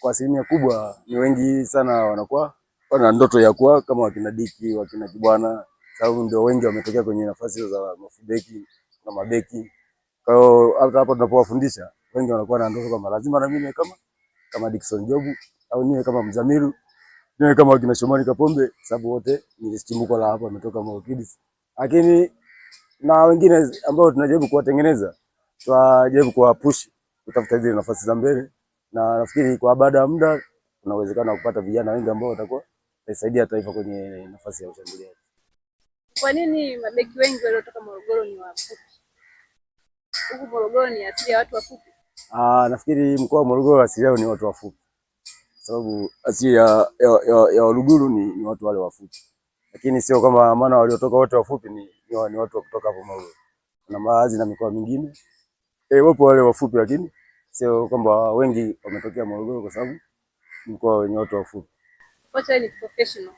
kwa asilimia kubwa ni wengi sana wanakuwa wana ndoto ya kuwa kama wakina Diki, wakina Kibwana, sababu ndio wengi wametokea kwenye nafasi za mafubeki na mabeki. Kwa hiyo hata hapa tunapowafundisha wengi wanakuwa na ndoto kama lazima na mimi kama kama Dickson Jobu au niwe kama Mzamiru, niwe kama wakina Shomari Kapombe, sababu wote ni chimbuko la hapa wametoka Mo Kids. Lakini na wengine ambao tunajaribu kuwatengeneza, tunajaribu kuwapush kutafuta zile nafasi za mbele na nafikiri kwa baada ya muda kuna uwezekano wa kupata vijana wengi ambao watakuwa watasaidia taifa kwenye nafasi ya ushambuliaji. Kwa nini mabeki wengi waliotoka Morogoro ni wafupi? Huko Morogoro ni asili ya watu wafupi. Ah, nafikiri mkoa wa Morogoro asili yao ni watu wafupi, sababu asili ya, ya, ya, ya Waluguru ni, ni watu wale wafupi, lakini sio kama maana waliotoka wote wafupi ni, ni, ni watu wa kutoka hapo Morogoro. Kuna baadhi na mikoa mingine eh, wapo wale wafupi lakini sio kwamba wengi wametokea Morogoro kwa sababu mkoa wenye watu wafupi. Kocha ni professional.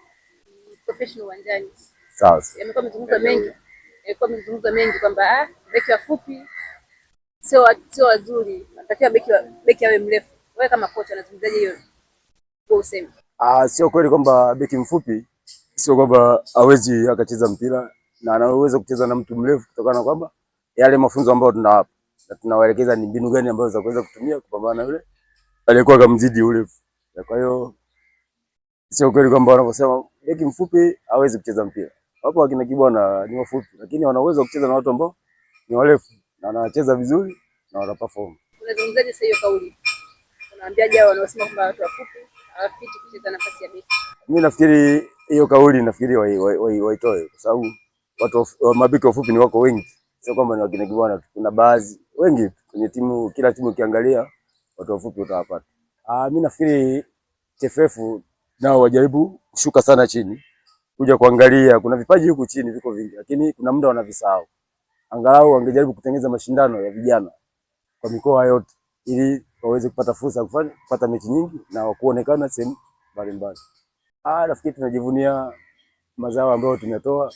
Professional uwanjani. Sawa. Yamekuwa mzunguko mengi. Yamekuwa mzunguko mengi kwamba ah, beki wafupi sio sio wazuri. Natakiwa beki beki awe mrefu. Wewe kama kocha unazungumzaje hiyo? Kwa usemi. Ah, sio kweli kwamba beki mfupi sio kwamba hawezi akacheza mpira na anaweza kucheza na mtu mrefu kutokana na kwamba yale mafunzo ambayo tunawapa na tunawaelekeza ni mbinu gani ambazo za kuweza kutumia kupambana na yule aliyekuwa kamzidi ule. Kwa hiyo sio kweli kwamba wanaposema beki mfupi hawezi kucheza mpira. Wapo wakina Kibwana ni wafupi, lakini wana uwezo wa kucheza na watu ambao ni warefu na wanacheza vizuri na wana perform. Unazungumzaje sasa hiyo kauli? Unaambiaje hao wanaosema kwamba watu wafupi hawafiti kucheza nafasi ya beki? Mimi nafikiri hiyo kauli nafikiri waitoe wa, wa, wa kwa sababu watu wa, mabeki wafupi ni wako wengi sio kwamba ni wakina Kibwana, kuna baadhi wengi kwenye timu, kila timu ukiangalia watu wafupi utawapata. Ah, mimi nafikiri TFF nao wajaribu kushuka sana chini kuja kuangalia, kuna vipaji huku chini viko vingi, lakini kuna muda wanavisahau. Angalau wangejaribu kutengeneza mashindano ya vijana kwa mikoa yote ili waweze kupata fursa kufanya kupata mechi nyingi na kuonekana sehemu mbalimbali. Ah, nafikiri tunajivunia mazao ambayo tumetoa,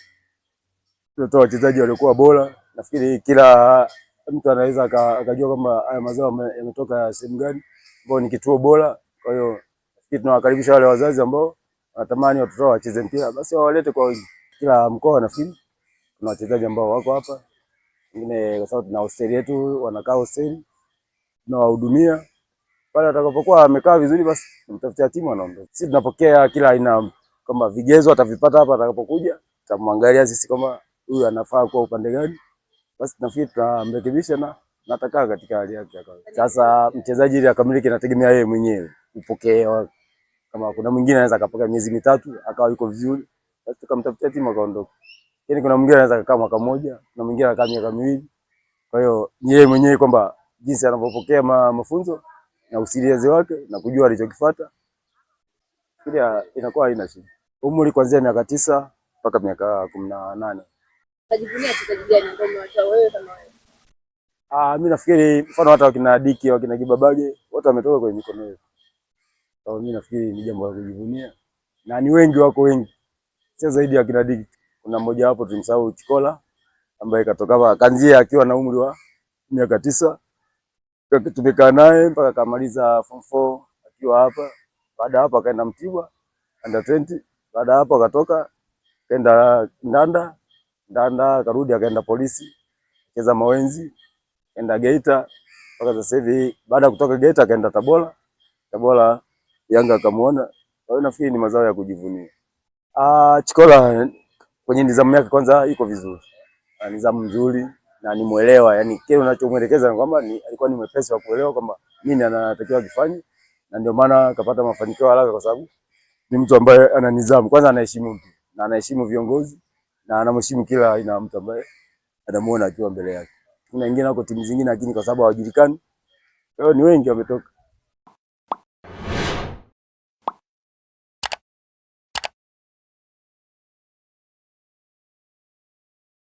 tumetoa wachezaji waliokuwa bora Nafikiri kila mtu anaweza akajua kwamba haya mazao yametoka sehemu gani, ambao ni kituo bora. Kwa hiyo nafikiri tunawakaribisha wale wazazi ambao wanatamani watoto wao wacheze mpira, basi wawalete kwa wingi. Kila mkoa nafikiri kuna wachezaji ambao wako hapa, wengine kwa sababu tuna hosteli yetu, wanakaa hosteli, tunawahudumia pale. Atakapokuwa amekaa vizuri, basi mtafutia timu anaondoka. Sisi tunapokea kila aina, kama vigezo atavipata hapa atakapokuja, tamwangalia sisi kama huyu anafaa kuwa upande gani basi nafikiri tutamrekebisha na nataka katika hali yake ya Sasa mchezaji ili akamilike, nategemea yeye mwenyewe upokea. Kama kuna mwingine anaweza akapokea miezi mitatu akawa yuko vizuri, basi tukamtafutia timu akaondoka. Yani kuna mwingine anaweza akakaa mwaka mmoja, na mwingine akakaa miaka miwili. Kwa hiyo yeye mwenyewe kwamba jinsi anavyopokea ma, mafunzo na usiliazi wake na kujua alichokifuata, kile inakuwa haina shida. Umri kuanzia miaka tisa mpaka miaka kumi na nane. Ah, mimi nafikiri mfano hata wakina Diki wakina Gibabage wote wametoka kwenye mikono hiyo. Kwa mimi nafikiri ni jambo la kujivunia na ni wengi, wako wengi, sio zaidi ya wakina Diki. Kuna mmoja wapo tumsahau Chikola, ambaye katoka hapa kanzia akiwa na umri wa miaka tisa, tumekaa naye mpaka akamaliza form 4 akiwa hapa. Baada hapo akaenda Mtibwa under 20, baada hapo akatoka kaenda Ndanda Ndanda, akarudi akaenda polisi, cheza mawenzi, enda Geita mpaka sasa hivi. Baada ya kutoka Geita akaenda Tabora, Tabora Yanga akamuona. Kwa hiyo nafikiri ni mazao ya kujivunia. Ah, Chikola kwenye nizamu yake kwanza iko vizuri, ah, nizamu nzuri na nimuelewa, yani kile unachomwelekeza ni kwamba ni, alikuwa ni mwepesi wa kuelewa kwamba nini anatakiwa kufanya, na ndio maana akapata mafanikio haraka, kwa sababu ni mtu ambaye ana nizamu kwanza, anaheshimu mtu na anaheshimu viongozi na anamheshimu kila aina ya mtu ambaye anamuona akiwa mbele yake. Kuna wengine wako timu zingine, lakini kwa sababu hawajulikani, kwa hiyo ni wengi wametoka